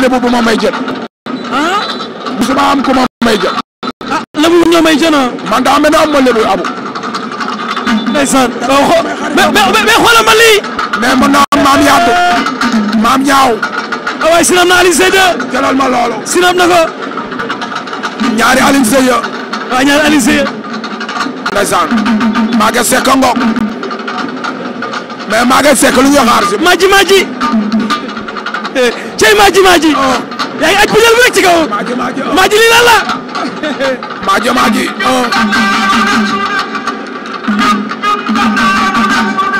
lébu bu ah? ma may jën. ah. musuma ma may jën. ah lébu ñoo may jën ah. man daa mel ne am ma lébu abu. ndeysaan mais mais xoolal ma lii. mais mën naa maam yaatu. maam ñaaw. ah waaye sinam na Alioune Seye jëlal ma loolu. sinam na ko. ñaari Alioune Seye. waaw ah, ñaari Alioune Seye. ndeysaan. maa ngi sekk ngoog. mais maa ngi sekk lu ñu cey maaji maaji ah. yaa ngi aj bu jël bu nekk ci kaw maaji ah. lii lan la maaji maaji ah.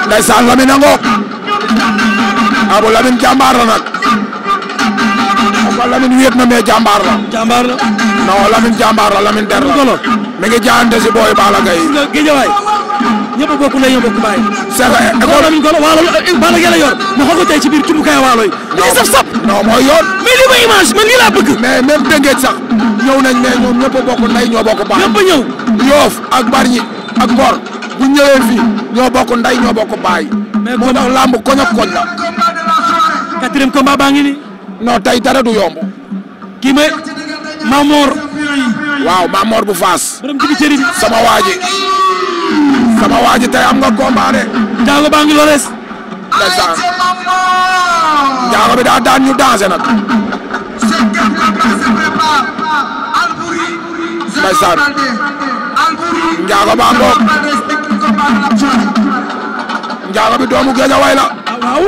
ndeysaan Lamine ngoog la nag Abu Lamine wéet la jàmbaar la non Lamine jàmbaar la Lamine der la mi ngi jaante si booy Balla Gaye Guédiawaye ñëpp bokk na ñëpp bokk bàyyi c'est vrai Lamine Golo waalo Balla Gaye yor ma xool ko ci biir cumbukaay waalo yi li saf saf non mooy yoon. mais li ma image man li laa bëgg. mais même Tëngéej sax ñëw nañ mais ñoom a bokk ndey ñoo bokk baay. ñëpp a ñëw. Yoof ak Bargny ak Ngor bu ñëwee fii ñoo bokk ndey ñoo bokk baay. mais moo tax làmb koñ ak koñ la. quatrième combat baa ngi nii. non tey dara du yomb. kii may Mamor. waaw Mamor bu Faas. borom jibi cëri bi. sama waa sama waa ji am nga combat de. Diallo baa ngi ndeysaan njaago bi daa daan ñu dansé nag njaago baa ngoog njaago bi doomu géej a way la waaw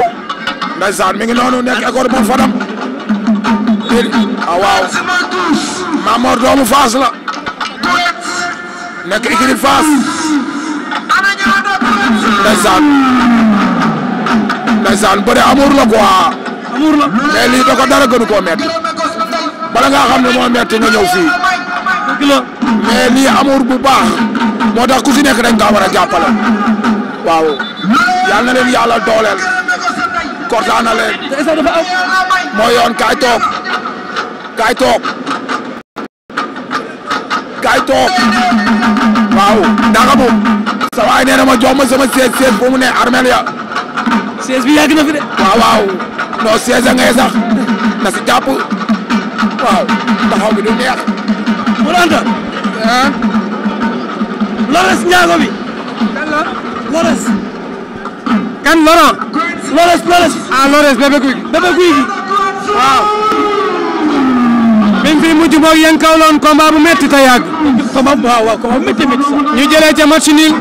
ndeysaan mi ngi noonu nekk école bu Fadam ah waaw Mamor doomu Faas la nekk ikiri Faas ndeysaan ndeysaan bëre amuur la quoi. amuur la mais lii da dara gënu koo métti. bala ngaa xam ne moo métti nga ñëw fii. dëgg lii amuur bu baax. moo tax ku si nekk rek nga war a jàppale. waaw yal na leen yàlla dooleel. kortaana leen. mooy yoon kaay toog. kaay toog. kaay toog. waaw. daka nee na ma jox ma sama seet seet bu ne armel ya siège bi yàgg na fi de. waaw waaw non siège a ngay sax na si jàpp waaw taxaw bi du neex. Modou Anta. ah. Lores Ndiago bi. kan la Lores. kan Laurent. Lores guy gi. guy gi waaw. bi mu fi mujj boog yéen kaw loon combat bu métti yàgg. combat waaw waaw combat bu métti métti sax. ca match nul.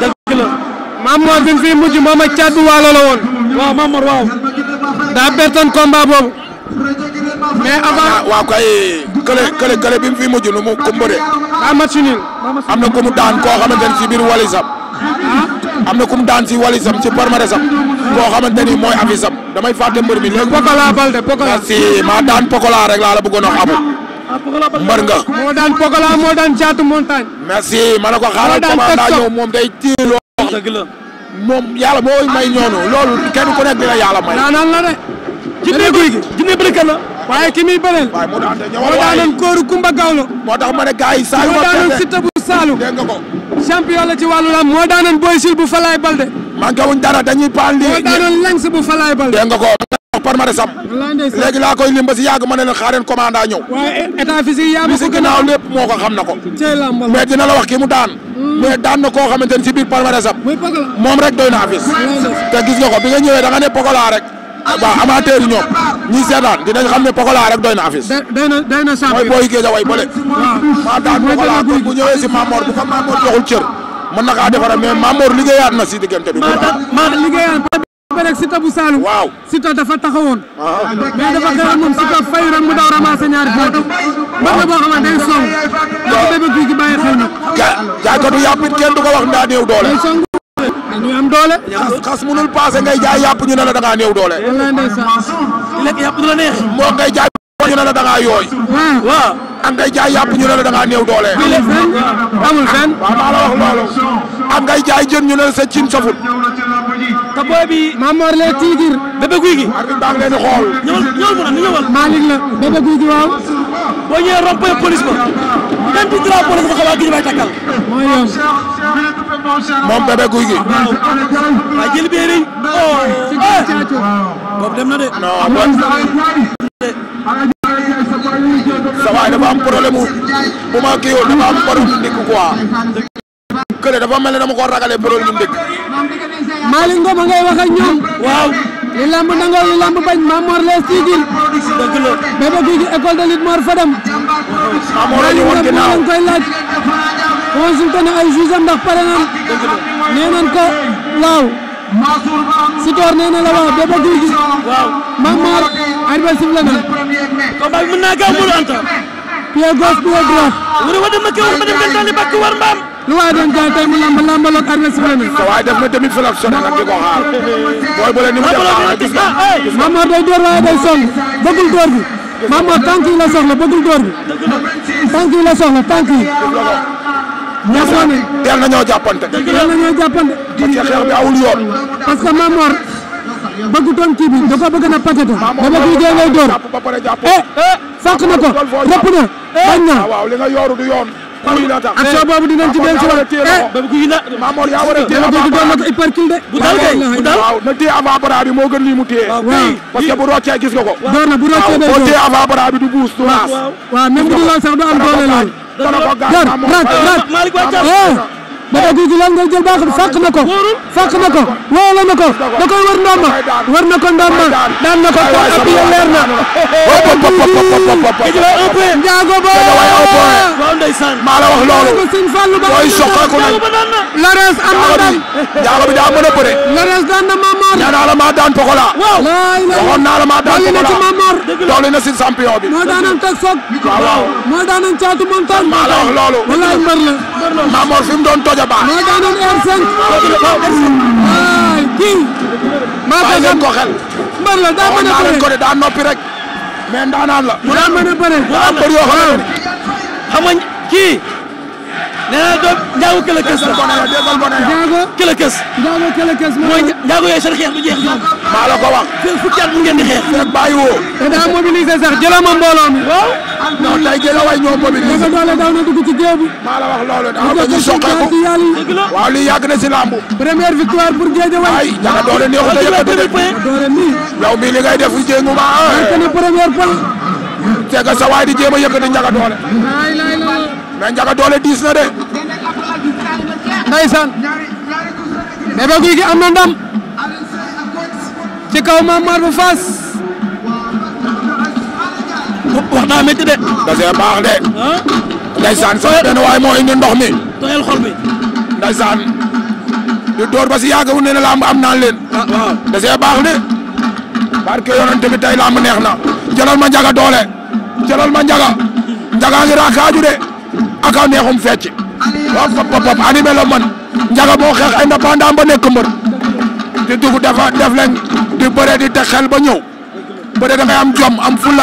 dëgg la. Mamor bi mu fi mujj moom a Thiatou Walo la woon. waaw Mamor waaw. daa pertoon combat boobu. mais ah, avant ah, waaw kay. kële kële kële bi mu fi mujj nu mu kumbo de. am na ku mu daan koo xamante ne ci biir walisam. Ah? am na ku daan ci walisam ci palmarèsam. koo xamante ni mooy afisam damay fàtte mbër mi léegi. Pokola Balde Pokola merci daan Pokola rek laa la bëggoon a xamu. mbër nga. moo daan Pokola moo daan Thiatou Montagne. merci ma ne ko xaaral commande ñëw moom day tiiloo. dëgg la moom yàlla mooy may ñoonu ah. loolu kenn ku nekk dina yàlla may. naanaan la de. jinne guy gi jinne waaye ki muy bëreel. waaye moo daan dañoo waaye moo daanoon Kumba Gawlo. moo tax ma ne gars yi Saalum moo daanoon Siteu bu Saalum. dégg nga ko. champion la ci wàllu lam moo daanoon Boy Sil bu Falaay Balde. manqué wuñ dara dañuy paal lii. moo daanoon Lengs bu Falaay Balde. dégg nga ko. parmaresam léegi laa koy lim ba si yàgg ma ne leen xaareen commanda ñëw waaye état physique yaa gën a lépp moo ko na ko mais daan na koo xamante ne si biir palmarès am moom rek doy na te gis nga ko bi nga ñëwee da nga ne Pokola rek waaw amateur yi ñoom ñi seetaan dinañ xam ne Pokola rek doy na affiche doy na doy way bële maa daan Pokola kon bu ñëwee si Mamor joxul cër mën na kaa defara mais Mamor liggéeyaat na si diggante bi rek Siteu bu Saloum waaw Siteu dafa taxawoon ah. mais dafa gën a moom Siteu boo xamante day song waaw bébé guy gi bàyyi xew nag. jaaykatu yàpp it kenn du ko wax ndaa néew doole. ñu munul paase ngay jaay yàpp ñu ne la da ngaa néew doole. wallaahi ndeysaan. lekk yàpp jaay ñu ne la da ngaa yooy. a ak ngay jaay yàpp ñu ne la da ngaa néew doole. amul fenn. waaw maa la wax loolu. ak ngay jaay jën ñu ne sa cin saful. te booy bi. Mamor le Tigir. bébé guy gi. arbitre baa ngi leen di xool. ñëwal ñëwal mu am ñëwal. même bi drapeau la ko xalaat gi may takkal. mooy yoon moom bébé guy gi. waaw jël bee rëy. na de. dafa am problème bu ma kii dafa am problème mu ndikk kële dafa mel ne dama ko ragalee problème mu ndikk. Malick Ngom a waaw. li lamb nangoo bañ Mamor les Tigil. dëgg la guy gi école de lutte Mor amoo la ñu woon ginnaaw ñu koy laaj consulté na ay juge ndax pare nañ nee nañ ko waaw Sitor nee la waaw Bébé Gouy Gui Mamar arbitre sifflé na combat bi mën naa gaaw mënu anta pied gauche pied droit wara wada ma ke war ma dem gantali war mbaam lu waay doon jaay tey mu lamb lambaloog arbitre ni mu def ah, day door waaye day song bëggul door bi Mamma tànk yi la soxla bëggul door bi tànk yi la soxla tànk yi. ñax ma ni teel nañoo jàppante. teel nañoo jàppante. parce que xeex bi awul yoon. parce que Mamor bëggutoon kii da ko bëgg na paqueté. dama kii dee rëpp na bañ na. waaw li nga yooru du yoon. action boobu dinañ ci dellu si waat eh guy na Mamor yaa war a téye avant bu dal de bu dal na téye avant bara bi moo gën lii mu téye parce que bu roccee gis nga ko door na bu roccee day boo téye avant bara bi du buus du naas waaw même bu dul loolu sax du am doole lool dana ko ba tey guy gi lan nga jël baax na fàq na ko fàq na ko wóolu na ko da koy war ndomba war na ko ndomba daan na ko tax appui leer na. guy la un point. njaago ba waaw ndeysaan la wax loolu. booy soqeeku nañ. Lares am na ndam. njaago bi a daan na Mamor. ñaan naa la maa daan Pokola. waxoon naa la daan na ci champion bi. daan am teg soog. la wax loolu. walaay mbër la. Mamor fi mu doon toj Gaaja Ba. moo daanoon R5. kooku dafa am R5. waay kii. maa ko xam ko xel. mbar la daa mën a bëree ko de daa noppi rek. mais ndaanaan la. mu daan mën a bëree. mu daan mën a bëree xam nga kii. nee naa njaago këla kës la njaago këla kës njaago njaago yooyu seen xeex du ko wax seen fukki mu ngeen di xeex fekk bàyyi woo te daa mobiliser sax jëloo ma mbooloo mi waaw non tey jëloo na dugg ci géew bi wax loolu daa ba ñu soqee victoire pour géej way ay doole neexu da yëkkati de doole nii yow mii li ngay def jéngu ma marqué na première point c'est que a yëkkati doole mais Ndiaga Dolé diis na de. ndeysaan. Bébé Gouy am na ndam. ci kaw Mame Mar bu wax naa métti de. dafay baax de. ndeysaan sooy benn waaye moo indi ndox mi. doyal xol bi. ndeysaan. di door ba si yàgg wu ne la naan leen. ah waaw dafay baax de. barke yonent bi tey lamb neex na. jëlal ma Ndiaga Dolé. jëlal ma Ndiaga. Ndiaga ngi de. ak aw neexum fecc waaw pop pop pop animé la man njaga moo xeex indépendant ba nekk mbër di dugg dafa def leen di bëre di teg ba ñëw bëre da ngay am jom am fulla